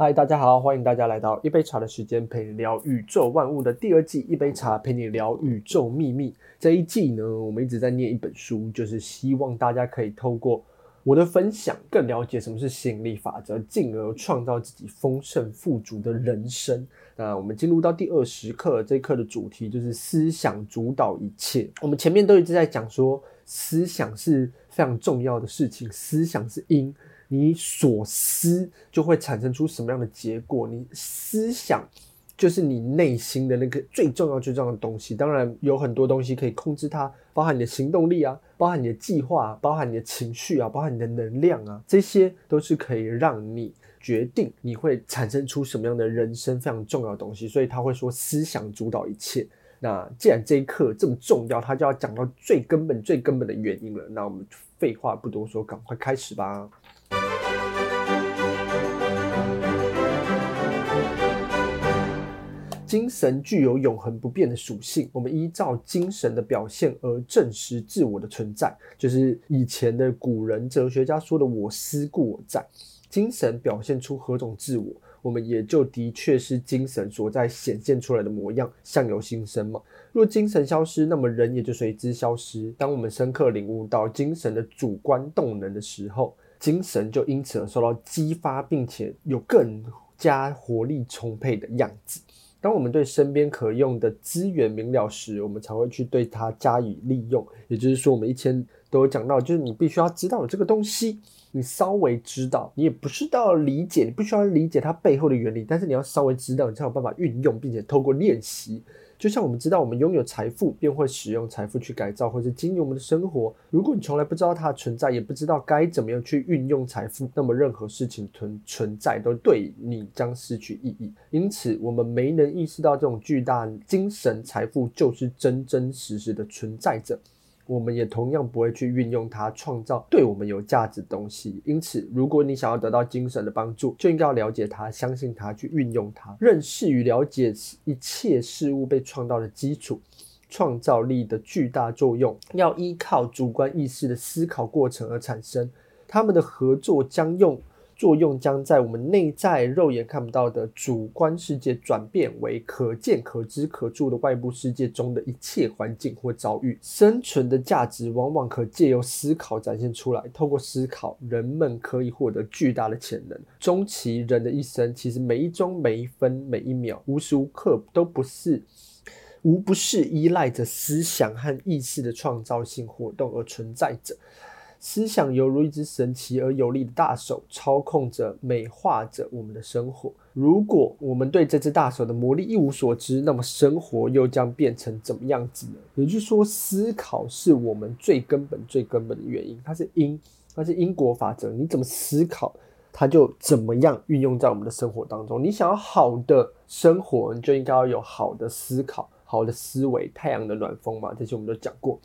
嗨，大家好，歡迎大家來到一杯茶的時間，陪你聊宇宙萬物的第二季。一杯茶陪你聊宇宙秘密。這一季呢，我們一直在念一本書，就是希望大家可以透過我的分享，更了解什麼是吸引力法則，進而創造自己豐盛富足的人生。那我們進入到第二十課，這一課的主題就是思想主導一切。我們前面都一直在講說，思想是非常重要的事情，思想是因。你所思就會產生出什麼樣的結果？你思想就是你內心的那個最重要最重要的東西。當然有很多東西可以控制它，包含你的行動力啊，包含你的計劃，包含你的情緒啊，包含你的能量啊，這些都是可以讓你決定你會產生出什麼樣的人生非常重要的東西。所以他會說思想主導一切。那既然這一課這麼重要，他就要講到最根本最根本的原因了。那我們廢話不多說，趕快開始吧。精神具有永恆不變的屬性，我們依照精神的表現而證實自我的存在，就是以前的古人哲學家說的“我思故我在”。精神表現出何種自我，我們也就的確是精神所在顯現出來的模樣，相由心生嘛。若精神消失，那麼人也就隨之消失。當我們深刻領悟到精神的主觀動能的時候，精神就因此而受到激發，並且有更加活力充沛的樣子。當我們對身邊可用的資源明了時，我們才會去對它加以利用。也就是說，我們以前都有講到，就是你必須要知道這個東西，你稍微知道，你也不是到理解，你不需要理解它背後的原理，但是你要稍微知道，你才有辦法運用，並且透過練習。就像我們知道，我們擁有財富便會使用財富去改造或者經營我們的生活。如果你從來不知道它的存在，也不知道該怎麼樣去運用財富，那麼任何事情存存在都對你將失去意義。因此，我們沒能意識到這種巨大精神財富就是真真實實的存在着。我們也同樣不會去運用它創造對我們有價值的東西。因此，如果你想要得到精神的幫助，就應該要了解它，相信它，去運用它。認識與了解一切事物被創造的基礎，創造力的巨大作用，要依靠主觀意識的思考過程而產生。他們的合作將用。作用將在我們內在肉眼看不到的主觀世界，轉變為可見、可知、可住的外部世界中的一切環境或遭遇。生存的價值往往可借由思考展現出來。透過思考，人們可以獲得巨大的潛能。終其人的一生，其實每一鐘、每一分、每一秒，無時無刻都不是，無不是依賴着思想和意識的創造性活動而存在着。思想猶如一只神奇而有力的大手，操控着、美化着我們的生活。如果我們對這只大手的魔力一無所知，那麼生活又將變成怎麼樣子呢？也就是說，思考是我們最根本、最根本的原因，它是因，它是因果法則。你怎麼思考，它就怎麼樣運用在我們的生活當中。你想要好的生活，你就應該要有好的思考、好的思維。太陽的暖風嘛，這些我們都講過。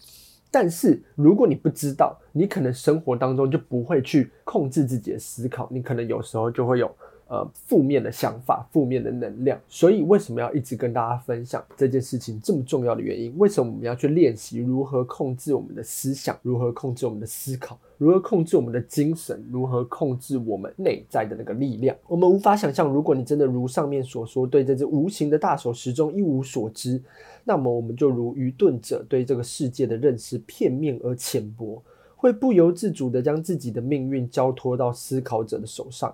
但是如果你不知道，你可能生活當中就不會去控制自己的思考，你可能有時候就會有呃負面的想法、負面的能量。所以為什麼要一直跟大家分享這件事情這麼重要的原因？為什麼我們要去練習如何控制我們的思想，如何控制我們的思考？如何控制我們的精神？如何控制我們內在的那個力量？我們無法想象，如果你真的如上面所說，對這隻無形的大手始終一無所知，那麼我們就如愚鈍者對這個世界的認識片面而淺薄，會不由自主地將自己的命運交托到思考者的手上。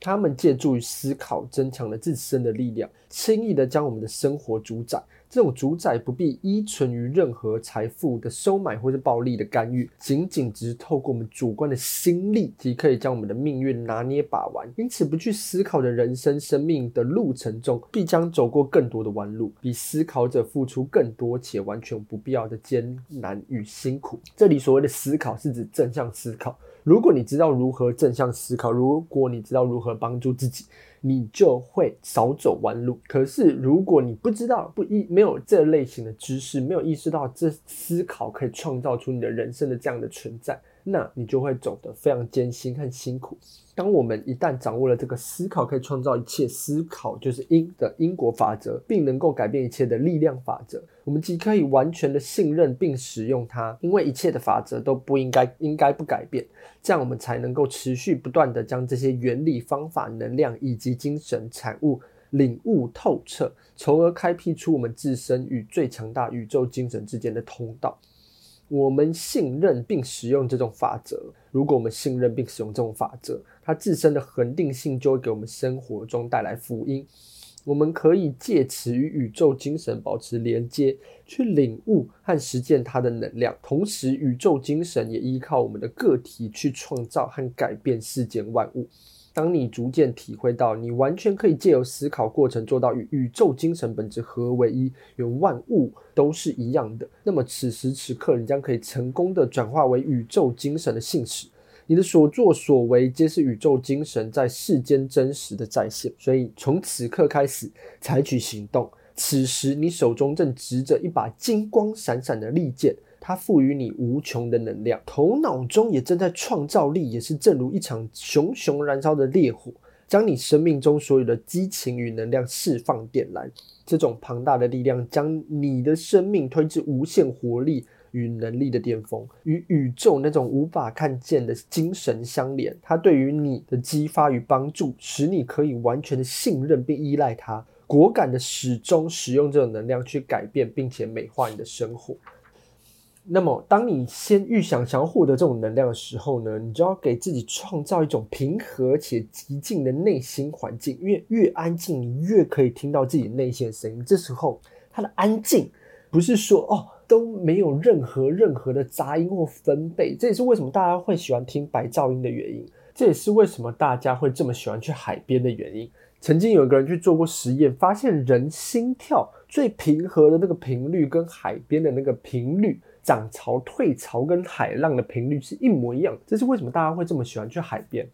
他們借助於思考，增強了自身的力量，輕易的將我們的生活主宰。這種主宰不必依存於任何財富的收買或是暴力的干預，僅僅只是透過我們主觀的心力，即可以將我們的命運拿捏把玩。因此，不去思考的人生生命的路程中，必將走過更多的彎路，比思考者付出更多且完全不必要的艱難與辛苦。這裡所謂的思考，是指正向思考。如果你知道如何正向思考，如果你知道如何幫助自己，你就會少走彎路。可是如果你不知道，不一，沒有這類型的知識，沒有意識到這思考可以創造出你的人生的這樣的存在。那你就會走得非常艱辛、很辛苦。當我們一旦掌握了這個思考，可以創造一切；思考就是因的因果法則，並能夠改變一切的力量法則，我們即可以完全的信任並使用它，因為一切的法則都不應該、應該不改變。這樣，我們才能夠持續不斷地將這些原理、方法、能量以及精神產物領悟透徹，從而開闢出我們自身與最強大宇宙精神之間的通道。我們信任並使用這種法則。如果我們信任並使用這種法則，它自身的恆定性就會給我們生活中帶來福音。我們可以借此與宇宙精神保持連接，去領悟和實踐它的能量。同時，宇宙精神也依靠我們的個體去創造和改變世間萬物。當你逐漸體會到，你完全可以借由思考過程做到與宇宙精神本質合為一，與萬物都是一樣的。那麼此時此刻，你將可以成功的轉化為宇宙精神的信使。你的所作所為皆是宇宙精神在世間真實的再現。所以從此刻開始採取行動，此時你手中正執着一把金光閃閃的利劍。它賦予你無窮的能量，頭腦中也正在創造力，也是正如一場熊熊燃燒的烈火，將你生命中所有的激情與能量釋放點燃。這種龐大的力量將你的生命推至無限活力與能力的巔峰，與宇宙那種無法看見的精神相連。它對於你的激發與幫助，使你可以完全的信任並依賴它，果敢的始終使用這種能量去改變並且美化你的生活。那麼，當你先預想想要獲得這種能量的時候呢，你就要給自己創造一種平和且極靜的內心環境。因為越安靜，你越可以聽到自己內心的聲音。這時候，它的安靜不是說哦都沒有任何任何的雜音或分貝。這也是為什麼大家會喜歡聽白噪音的原因。這也是為什麼大家會這麼喜歡去海邊的原因。曾經有一個人去做過實驗，發現人心跳最平和的那個頻率跟海邊的那個頻率。漲潮、退潮，跟海浪的頻率是一模一樣，這是為什麼大家會這麼喜歡去海邊？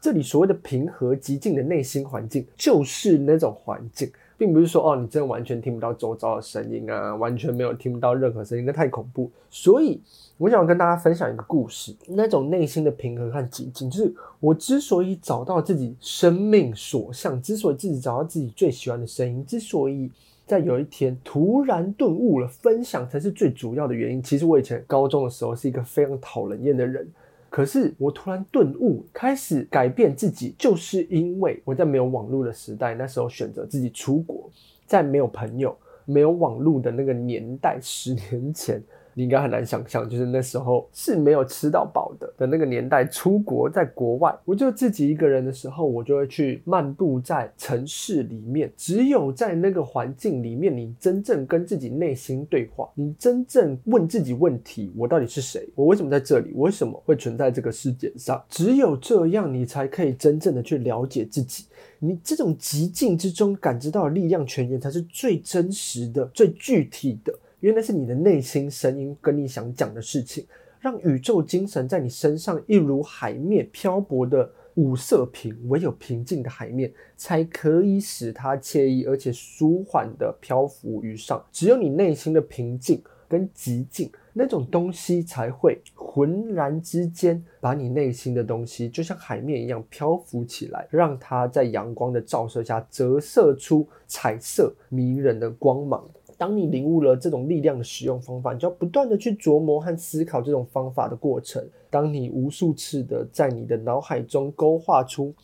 這裡所謂的平和、寂靜的內心環境，就是那種環境，並不是說哦，你真的完全聽不到周遭的聲音啊，完全沒有聽不到任何聲音，那太恐怖。所以，我想要跟大家分享一個故事，那種內心的平和和寂靜，就是我之所以找到自己生命所向，之所以自己找到自己最喜歡的聲音，之所以。在有一天突然頓悟了，分享才是最主要的原因。其實我以前高中的時候是一個非常討人厭的人，可是我突然頓悟，開始改變自己，就是因為我在沒有網絡的時代，那時候選擇自己出國，在沒有朋友、沒有網絡的那個年代，十年前。你應該很難想象，就是那時候是沒有吃到飽的的那個年代。出國在國外，我就自己一個人的時候，我就會去漫步在城市裡面。只有在那個環境裡面，你真正跟自己內心對話，你真正問自己問題：我到底是誰？我為什麼在這裡？我為什麼會存在這個世界上？只有這樣，你才可以真正的去了解自己。你這種極境之中感知到的力量泉源，才是最真實的、最具體的。原來是你的內心聲音跟你想講的事情，讓宇宙精神在你身上，一如海面漂泊的五色瓶，唯有平靜的海面才可以使它愜意而且舒緩地漂浮於上。只有你內心的平靜跟極靜，那種東西才會渾然之間把你內心的東西，就像海面一樣漂浮起來，讓它在陽光的照射下折射出彩色迷人的光芒。當你領悟了這種力量的使用方法，你就要不斷的去琢磨和思考這種方法的過程。當你無數次的在你的腦海中勾畫出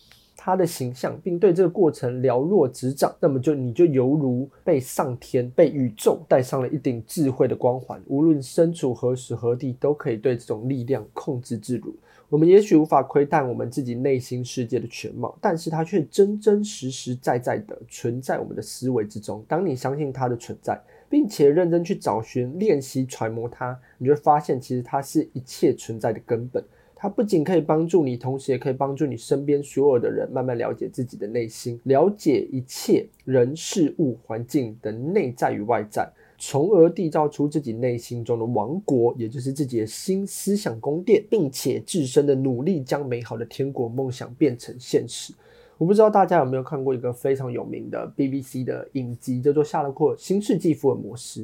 他的形象，並對這個過程了若指掌，那麼就你就猶如被上天、被宇宙戴上了一頂智慧的光環，無論身處何時何地，都可以對這種力量控制自如。我們也許無法窺探我們自己內心世界的全貌，但是它卻真真實實在在地存在我們的思維之中。當你相信它的存在，並且認真去找尋、練習、揣摩它，你就會發現，其實它是一切存在的根本。它不僅可以幫助你，同時也可以幫助你身邊所有的人慢慢了解自己的內心，了解一切人、事物、環境的內在與外在，從而締造出自己內心中的王國，也就是自己的新思想宮殿，並且自身的努力將美好的天國夢想變成現實。我不知道大家有沒有看過一個非常有名的 BBC 的影集，叫做《夏洛克新世紀福爾摩斯》。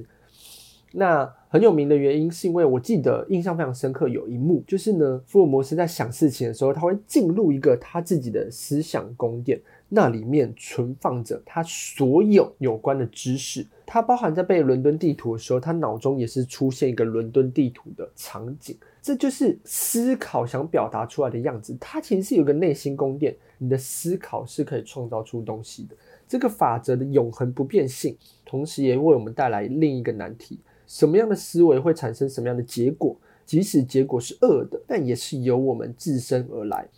那很有名的原因是因為，我記得印象非常深刻有一幕，就是呢，福爾摩斯在想事情的時候，他會進入一個他自己的思想宮殿，那裡面存放着他所有有關的知識。他包含在背倫敦地圖的時候，他腦中也是出現一個倫敦地圖的場景。這就是思考想表達出來的樣子。他其實是有一個內心宮殿，你的思考是可以創造出東西的。這個法則的永恆不變性，同時也為我們帶來另一個難題。什麼樣的思維會產生什麼樣的結果？即使結果是惡的，但也是由我們自身而來。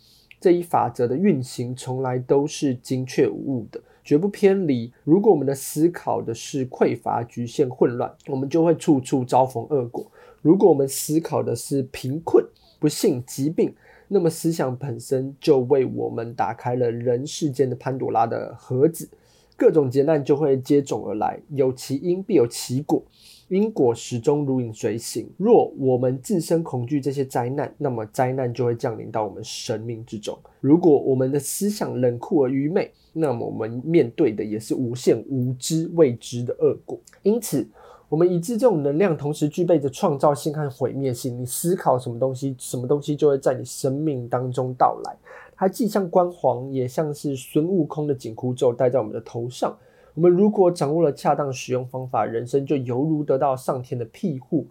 這一法則的運行從來都是精確無誤的，絕不偏離。如果我們的思考的是匱乏、局限、混亂，我們就會處處遭逢惡果；如果我們思考的是貧困、不幸、疾病，那麼思想本身就為我們打開了人世間的潘朵拉的盒子，各種劫難就會接踵而來。有其因，必有其果。因果始終如影隨形。若我們自身恐懼這些災難，那麼災難就會降臨到我們生命之中。如果我們的思想冷酷而愚昧，那麼我們面對的也是無限無知、未知的惡果。因此，我們以致這種能量同時具備着創造性和毀滅性。你思考什麼東西，什麼東西就會在你生命當中到來。它既像光環，也像是孫悟空的緊箍咒戴在我們的頭上。我們如果掌握了恰當使用方法，人生就猶如得到上天的庇護，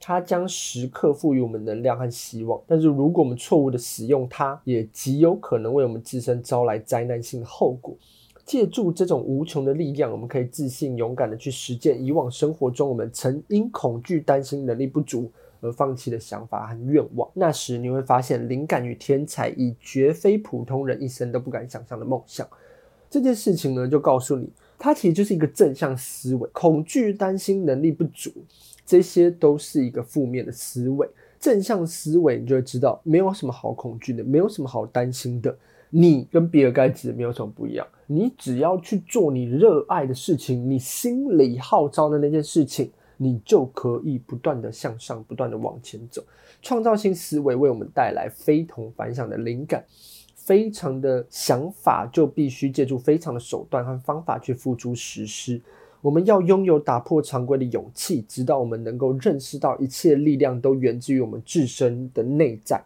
它將時刻賦予我們能量和希望。但是如果我們錯誤地使用它，也極有可能為我們自身招來災難性的後果。借助這種無窮的力量，我們可以自信、勇敢地去實踐以往生活中我們曾因恐懼、擔心能力不足而放棄的想法和願望。那時你會發現，靈感與天才已絕非普通人一生都不敢想象的夢想。這件事情呢，就告訴你。它其實就是一個正向思維，恐懼、擔心、能力不足，這些都是一個負面的思維。正向思維，你就會知道沒有什麼好恐懼的，沒有什麼好擔心的。你跟比爾蓋茨沒有什麼不一樣。你只要去做你熱愛的事情，你心裡號召的那件事情，你就可以不斷地向上，不斷地往前走。創造性思維為我們帶來非同凡響的靈感。非常的想法，就必須借助非常的手段和方法去付諸實施。我們要擁有打破常規的勇氣，直到我們能夠認識到一切力量都源自於我們自身的內在，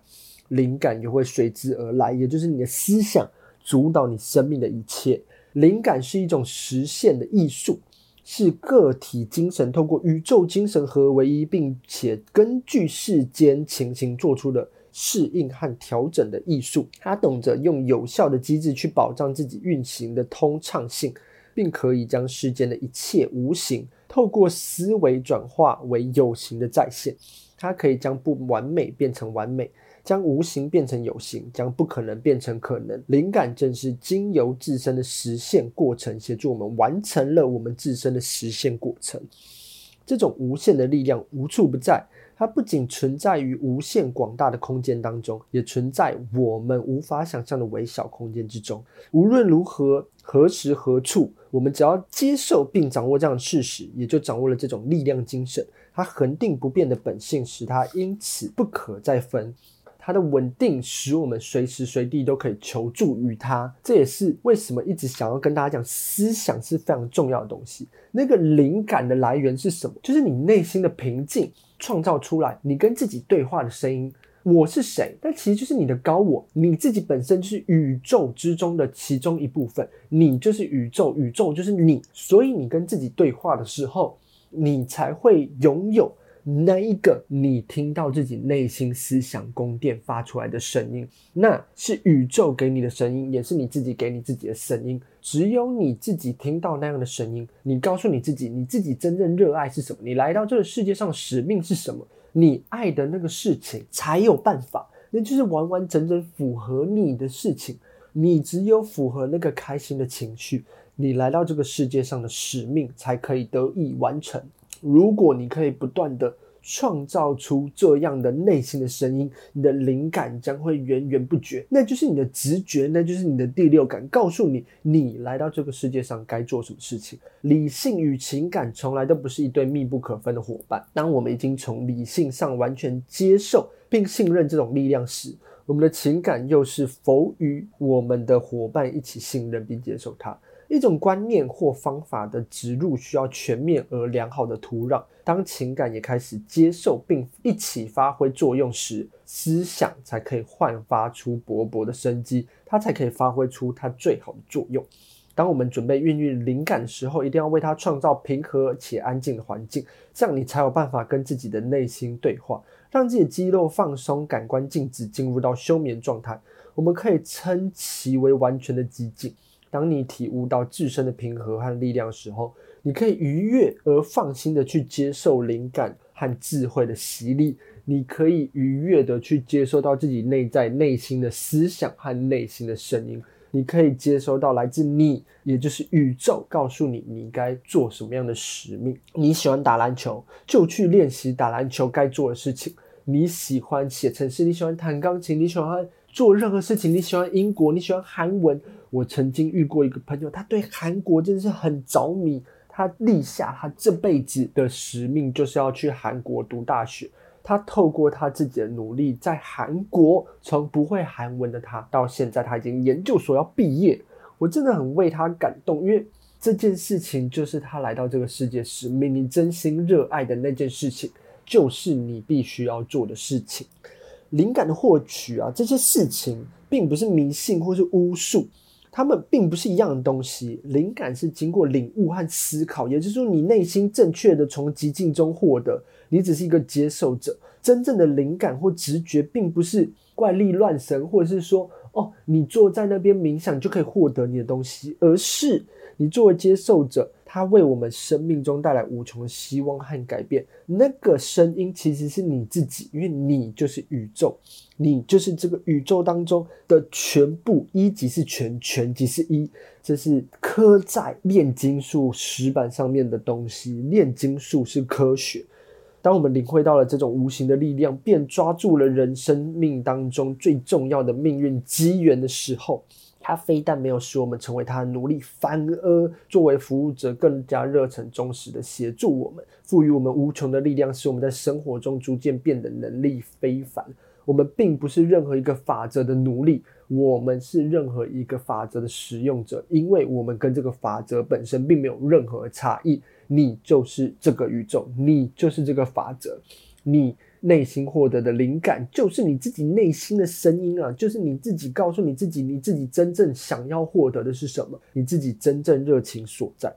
靈感也會隨之而來。也就是你的思想主導你生命的一切。靈感是一種實現的藝術，是個體精神通過宇宙精神合而為一，並且根據世間情形做出的適應和調整的藝術，他懂得用有效的機制去保障自己運行的通暢性，並可以將世間的一切無形透過思維轉化為有形的再現。他可以將不完美變成完美，將無形變成有形，將不可能變成可能。靈感正是經由自身的實現過程，協助我們完成了我們自身的實現過程。這種無限的力量無處不在，它不僅存在於無限廣大的空間當中，也存在我們無法想象的微小空間之中。無論如何，何時何處，我們只要接受並掌握這樣的事實，也就掌握了這種力量精神。它恆定不變的本性，使它因此不可再分。它的穩定使我們隨時隨地都可以求助於它，這也是為什麼一直想要跟大家講，思想是非常重要的東西。那個靈感的來源是什麼？就是你內心的平靜創造出來，你跟自己對話的聲音。我是誰？但其實就是你的高我，你自己本身就是宇宙之中的其中一部分，你就是宇宙，宇宙就是你。所以你跟自己對話的時候，你才會擁有。那一個你聽到自己內心思想宮殿發出來的聲音，那是宇宙給你的聲音，也是你自己給你自己的聲音。只有你自己聽到那樣的聲音，你告訴你自己，你自己真正熱愛是什麼，你來到這個世界上使命是什麼，你愛的那個事情才有辦法，那就是完完整整符合你的事情。你只有符合那個開心的情緒，你來到這個世界上的使命才可以得以完成。如果你可以不斷地創造出這樣的內心的聲音，你的靈感將會源源不絕。那就是你的直覺，那就是你的第六感，告訴你你來到這個世界上該做什麼事情。理性與情感從來都不是一對密不可分的夥伴。當我們已經從理性上完全接受並信任這種力量時，我們的情感又是否與我們的夥伴一起信任並接受它？一種觀念或方法的植入需要全面而良好的土壤。當情感也開始接受並一起發揮作用時，思想才可以煥發出勃勃的生機，它才可以發揮出它最好的作用。當我們準備孕育靈感的時候，一定要為它創造平和且安靜的環境，這樣你才有辦法跟自己的內心對話，讓自己的肌肉放鬆，感官靜止，進入到休眠狀態。我們可以稱其為完全的寂靜。當你體悟到自身的平和和力量的時候，你可以愉悅而放心的去接受靈感和智慧的洗禮。你可以愉悅的去接收到自己內在內心的思想和內心的聲音。你可以接收到來自你，也就是宇宙，告訴你你該做什麼樣的使命。你喜歡打籃球，就去練習打籃球該做的事情。你喜歡寫程式，你喜歡彈鋼琴，你喜歡。做任何事情，你喜歡英國，你喜歡韓文。我曾經遇過一個朋友，他對韓國真的是很着迷。他立下他這輩子的使命，就是要去韓國讀大學。他透過他自己的努力，在韓國從不會韓文的他，到現在他已經研究所要畢業。我真的很為他感動，因為這件事情就是他來到這個世界時，明明真心熱愛的那件事情，就是你必須要做的事情。靈感的獲取啊，這些事情並不是迷信或是巫術，它們並不是一樣的東西。靈感是經過領悟和思考，也就是說，你內心正確的從寂靜中獲得，你只是一個接受者。真正的靈感或直覺，並不是怪力亂神，或者是說，哦，你坐在那邊冥想就可以獲得你的東西，而是。你作為接受者，它為我們生命中帶來無窮的希望和改變。那個聲音其實是你自己，因為你就是宇宙，你就是這個宇宙當中的全部。一即是全，全即是一。一這是刻在煉金術石板上面的東西。煉金術是科學。當我們領會到了這種無形的力量，便抓住了人生命當中最重要的命運機緣的時候。他非但沒有使我們成為他的奴隸，反而作為服務者更加熱忱、忠實地協助我們，賦予我們無窮的力量，使我們在生活中逐漸變得能力非凡。我們並不是任何一個法則的奴隸，我們是任何一個法則的使用者，因為我們跟這個法則本身並沒有任何差異。你就是這個宇宙，你就是這個法則，你。內心獲得的靈感，就是你自己內心的聲音啊，就是你自己告訴你自己，你自己真正想要獲得的是什麼，你自己真正熱情所在。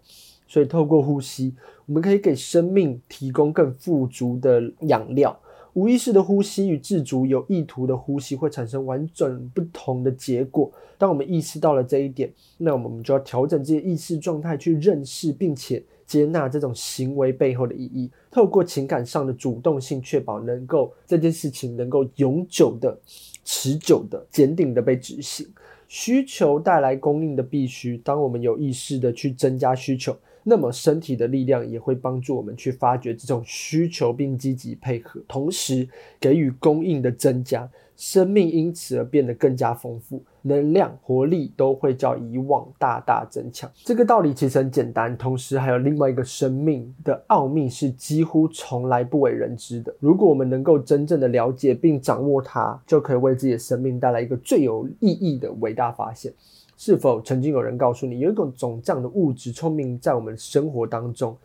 所以透過呼吸，我們可以給生命提供更富足的養料。無意識的呼吸與自主有意圖的呼吸會產生完全不同的結果。當我們意識到了這一點，那我們就要調整這些意識狀態，去認識並且接納這種行為背後的意義。透過情感上的主動性，確保能夠這件事情能夠永久的、持久的、堅定的被執行。需求帶來供應的必須，當我們有意識的去增加需求。那麼，身體的力量也會幫助我們去發掘這種需求，並積極配合，同時給予供應的增加，生命因此而變得更加豐富，能量、活力都會較以往大大增強。這個道理其實很簡單，同時還有另外一個生命的奧秘是幾乎從來不為人知的。如果我們能夠真正的了解並掌握它，就可以為自己的生命帶來一個最有意義的偉大發現。是否曾經有人告訴你，有一種腫脹的物質，聰明在我們生活當中，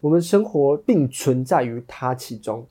我們生活並存在於它其中，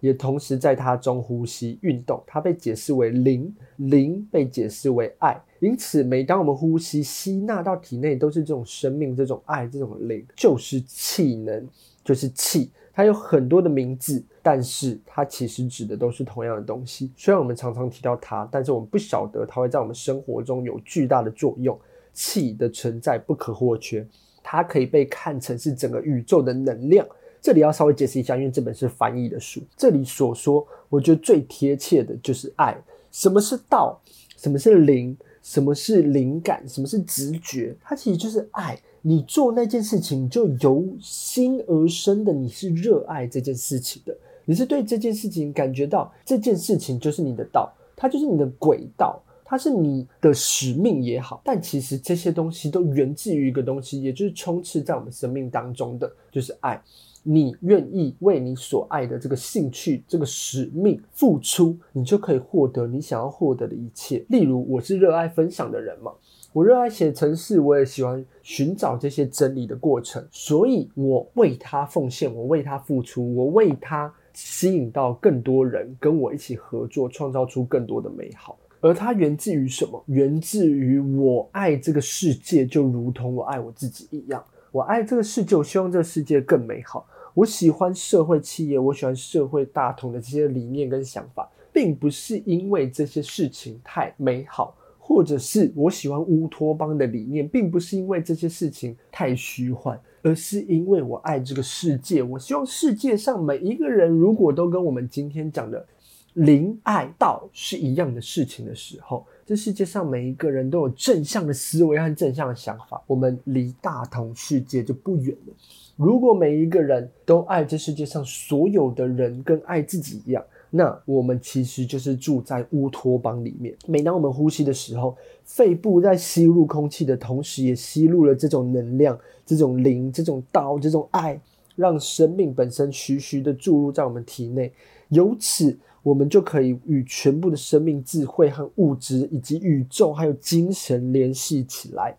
也同時在它中呼吸運動。它被解釋為靈，靈被解釋為愛。因此，每當我們呼吸，吸納到體內都是這種生命、這種愛、這種靈，就是氣能，就是氣。它有很多的名字，但是它其實指的都是同樣的東西。雖然我們常常提到它，但是我們不曉得它會在我們生活中有巨大的作用。氣的存在不可或缺，它可以被看成是整個宇宙的能量。這裡要稍微解釋一下，因為這本是翻譯的書。這裡所說，我覺得最貼切的就是愛。什麼是道？什麼是靈？什麼是靈感？什麼是直覺？它其實就是愛。你做那件事情就由心而生的，你是熱愛這件事情的，你是對這件事情感覺到這件事情就是你的道，它就是你的軌道，它是你的使命也好。但其實這些東西都源自於一個東西，也就是充斥在我們生命當中的就是愛。你願意為你所愛的這個興趣、這個使命付出，你就可以獲得你想要獲得的一切。例如，我是熱愛分享的人嘛。我熱愛寫程式，我也喜歡尋找這些真理的過程，所以我為它奉獻，我為它付出，我為它吸引到更多人跟我一起合作，創造出更多的美好。而它源自於什麼？源自於我愛這個世界，就如同我愛我自己一樣。我愛這個世界，我希望這個世界更美好。我喜歡社會企業，我喜歡社會大同的這些理念跟想法，並不是因為這些事情太美好。或者是我喜歡烏托邦的理念，並不是因為這些事情太虛幻，而是因為我愛這個世界。我希望世界上每一個人，如果都跟我們今天講的“靈愛道”是一樣的事情的時候，這世界上每一個人都有正向的思維和正向的想法，我們離大同世界就不遠了。如果每一個人都愛這世界上所有的人，跟愛自己一樣。那我們其實就是住在烏托邦裡面。每當我們呼吸的時候，肺部在吸入空氣的同時，也吸入了這種能量、這種靈、這種道、這種愛，讓生命本身徐徐的注入在我們體內。由此，我們就可以與全部的生命智慧和物質，以及宇宙還有精神聯繫起來，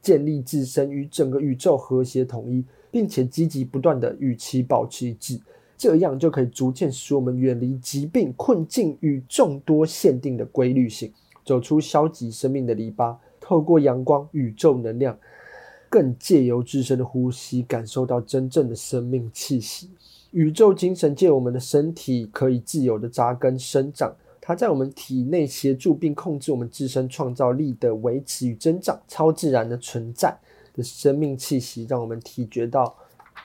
建立自身與整個宇宙和諧統一，並且積極不斷的與其保持一致。這樣就可以逐漸使我們遠離疾病、困境與眾多限定的規律性，走出消極生命的籬笆。透過陽光、宇宙能量，更借由自身的呼吸，感受到真正的生命氣息。宇宙精神借由我們的身體，可以自由地扎根生長。它在我們體內協助並控制我們自身創造力的維持與增長。超自然的存在的生命氣息，讓我們體覺到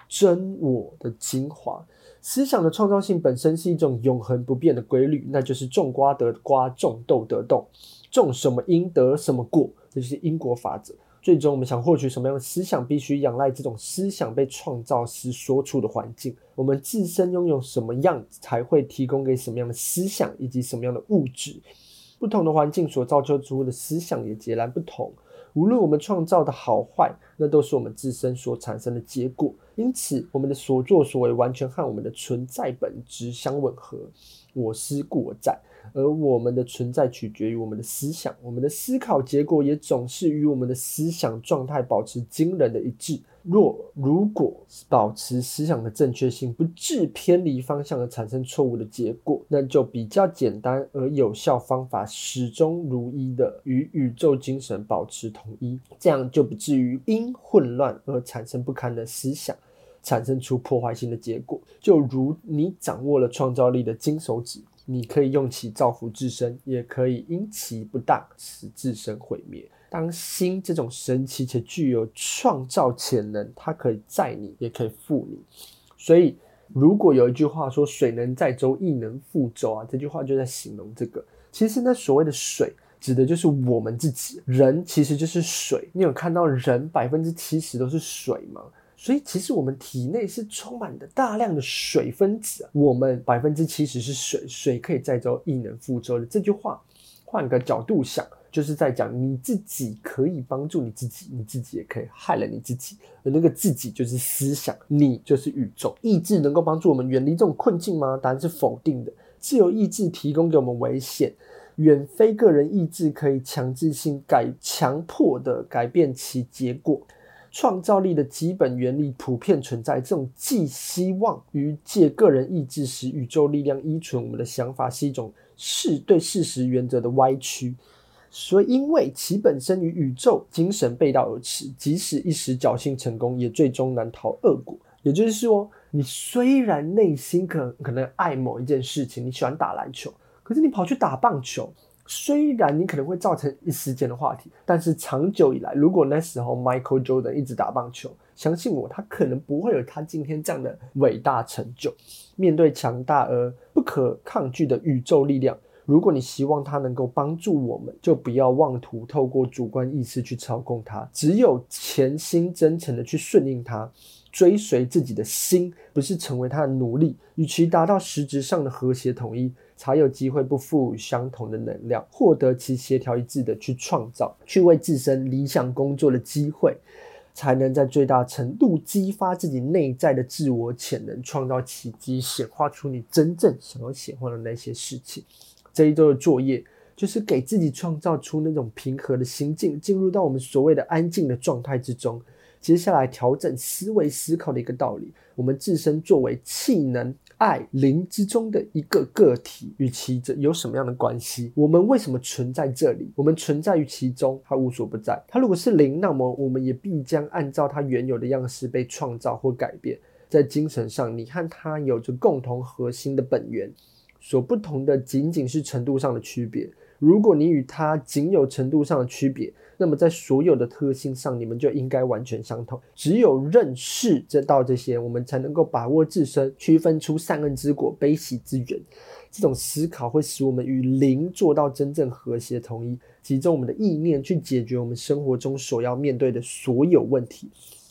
真我的精華。思想的創造性本身是一種永恆不變的規律，那就是種瓜得瓜，種豆得豆，種什麼因得什麼果，這就是因果法則。最終，我們想獲取什麼樣的思想，必須仰賴這種思想被創造時所處的環境。我們自身擁有什麼樣，才會提供給什麼樣的思想以及什麼樣的物質？不同的環境所造就出的思想也截然不同。無論我們創造的好壞，那都是我們自身所產生的結果。因此，我們的所作所為完全和我們的存在本質相吻合。我思故我在，而我們的存在取決於我們的思想。我們的思考結果也總是與我們的思想狀態保持驚人的一致。若如果保持思想的正確性，不致偏離方向而產生錯誤的結果，那就比較簡單而有效方法，始終如一的與宇宙精神保持統一，這樣就不至於因混亂而產生不堪的思想，產生出破壞性的結果。就如你掌握了創造力的金手指，你可以用其造福自身，也可以因其不當使自身毀滅。當心，這種神奇且具有創造潛能，它可以載你，也可以覆你。所以，如果有一句話說“水能載舟，亦能覆舟”啊，這句話就在形容這個。其實呢，所謂的水指的就是我們自己，人其實就是水。你有看到人百分之七十都是水嗎？所以，其實我們體內是充滿了大量的水分子。我們百分之七十是水，水可以載舟，亦能覆舟的這句話，換個角度想。就是在講你自己可以幫助你自己，你自己也可以害了你自己。而那個自己就是思想，你就是宇宙。意志能夠幫助我們遠離這種困境嗎？答案是否定的。自由意志提供給我們危險，遠非個人意志可以強制性改強迫的改變其結果。創造力的基本原理普遍存在。這種寄希望於借個人意志使宇宙力量依存我們的想法，是一種是對事實原則的歪曲。所以，因為其本身與宇宙精神背道而馳，即使一時僥幸成功，也最終難逃惡果。也就是說，你雖然內心可可能愛某一件事情，你喜歡打籃球，可是你跑去打棒球，雖然你可能會造成一時間的話題，但是長久以來，如果那時候 Michael Jordan 一直打棒球，相信我，他可能不會有他今天這樣的偉大成就。面對強大而不可抗拒的宇宙力量，如果你希望它能夠幫助我們，就不要妄圖透過主觀意識去操控它。只有潛心真誠的去順應它，追隨自己的心，不是成為它的奴隸。與其達到實質上的和諧統一，才有機會不負相同的能量，獲得其協調一致的去創造，去為自身理想工作的機會，才能在最大程度激發自己內在的自我潛能，創造奇蹟，顯化出你真正想要顯化的那些事情。這一周的作業就是給自己創造出那種平和的心境，進入到我們所謂的安靜的狀態之中。接下來調整思維思考的一個道理：我們自身作為氣、能、愛、靈之中的一個個體，與其者有什麼樣的關係？我們為什麼存在這裡？我們存在於其中，它無所不在。它如果是靈，那麼我們也必將按照它原有的樣式被創造或改變。在精神上，你和它有着共同核心的本源。所不同的僅僅是程度上的區別。如果你與他僅有程度上的區別，那麼在所有的特性上，你們就應該完全相同。只有認識、知道這些，我們才能夠把握自身，區分出善惡之果、悲喜之源。這種思考會使我們與靈做到真正和諧統一，集中我們的意念去解決我們生活中所要面對的所有問題。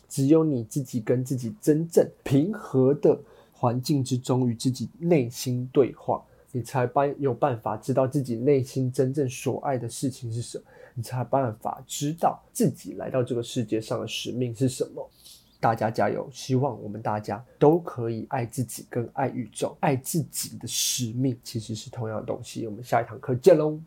只有你自己跟自己真正平和的。環境之中與自己內心對話，你才辦有辦法知道自己內心真正所愛的事情是什麼，你才有辦法知道自己來到這個世界上的使命是什麼。大家加油，希望我們大家都可以愛自己，跟愛宇宙，愛自己的使命其實是同樣的東西。我們下一堂課見嘍。